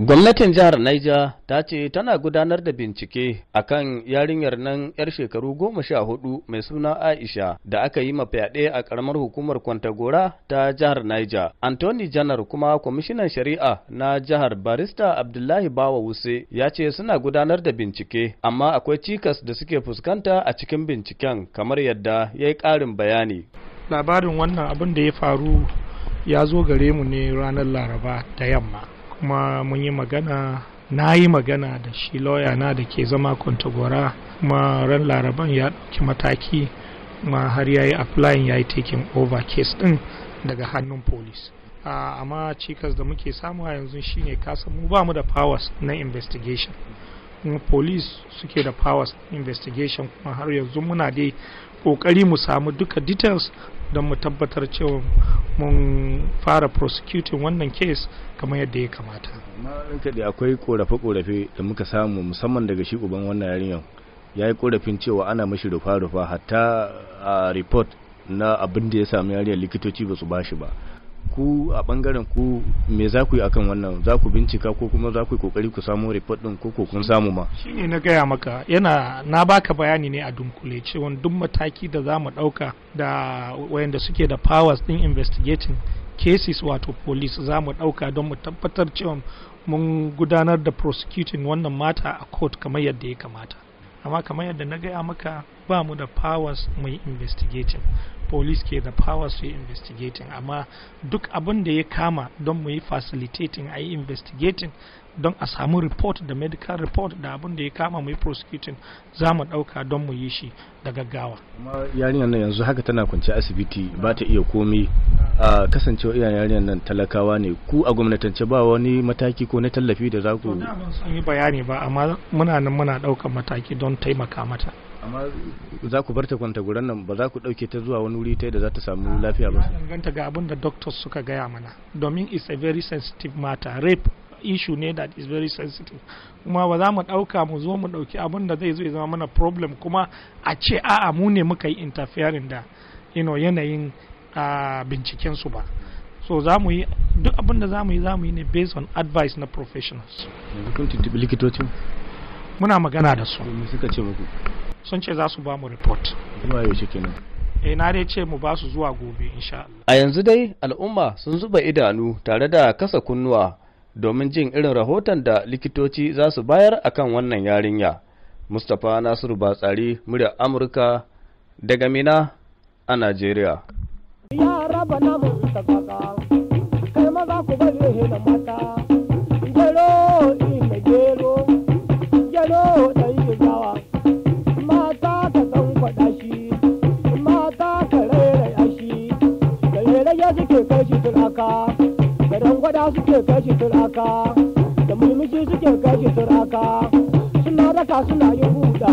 Gwamnatin jihar Niger ta ce tana gudanar da bincike a kan yarinyar nan 'yar shekaru goma sha hudu mai suna Aisha da aka yi mafyaɗe a ƙaramar hukumar Kwantagora ta jihar Niger. Anthony Janar kuma kwamishinan shari'a na jihar Barista Abdullahi Bawa Wuse ya ce suna gudanar da bincike amma akwai cikas da suke fuskanta a cikin binciken kamar yadda ya yi ƙarin bayani. Labarin wannan abin da ya faru ya zo gare mu ne ranar Laraba ta yamma. kuma mun yi magana na yi magana da shi lawyer na da ke zama kwantagora kuma ran laraban ya ɗauki mataki kuma har ya yi applying ya yi taking over case ɗin daga hannun police amma cikas da muke samu a yanzu shine kasa mu ba mu da powers na investigation kuma police suke da powers investigation kuma har yanzu muna dai kokari mu samu duka details don mu tabbatar cewa mun fara prosecuting wannan case kamar yadda ya kamata ma'aikata da akwai korafe-korafe da muka samu musamman daga shi uban wannan yarinyar ya yi korafin cewa ana mashi rufa-rufa hatta a report na abin da ya samu yarinyar likitoci ba su ba shi ba ku a bangaren ku me za ku yi akan wannan za ku bincika ko kuma za ku yi kokari ku samu report din ko kun samu ma ne na gaya maka yana na baka bayani ne a dunkule cewa duk mataki da za mu dauka da wayanda suke da powers din investigating cases wato police za mu dauka don mu tabbatar cewa mun gudanar da prosecuting wannan mata a court kamar yadda ya kamata amma kamar yadda na gaya maka ba mu da powers mai investigating police ke da powers su yi investigating amma duk abin da ya kama don mu yi facilitating a yi investigating don a samu report da medical report da abin da ya kama mu yi prosecuting za mu ɗauka don mu yi shi da gaggawa. yarinya yarinyar nan yanzu haka tana kwanci asibiti ba ta iya komai a kasancewa iya yarinyar nan talakawa ne ku a gwamnatance ba wani mataki ko na tallafi da za ku. yi bayani ba amma muna nan muna ɗaukar mataki don taimaka mata. amma za ku barta kwanta guran nan ba za ku dauke ta zuwa wani wuri ta da za ta samu lafiya ba danganta ga abin da doctors suka gaya mana domin is a very sensitive matter rape issue ne that is very sensitive kuma ba za mu dauka mu zo mu dauki abin da zai zo ya zama mana problem kuma a ce a'a mu ne muka yi interfering da yanayin binciken su ba so za mu yi duk abin da za mu yi za mu yi ne based on advice na professionals muna magana da su sun ce za su ba mu report zuwa kenan eh na dai ce mu ba su zuwa gobe insha Allah a yanzu dai al'umma sun zuba idanu tare da kasa kunnuwa domin jin irin rahoton da likitoci za su bayar kan wannan yarinya Mustapha Nasiru Batsari murya Amurka daga Mina a Najeriya ya raba na mata suke kashe turaka da murmushi suke kashe turaka suna raka suna yin huda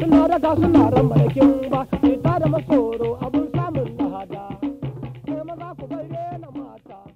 suna raka suna ran malakin ba fita da masoro abun samun lahada sai maza ku bai mata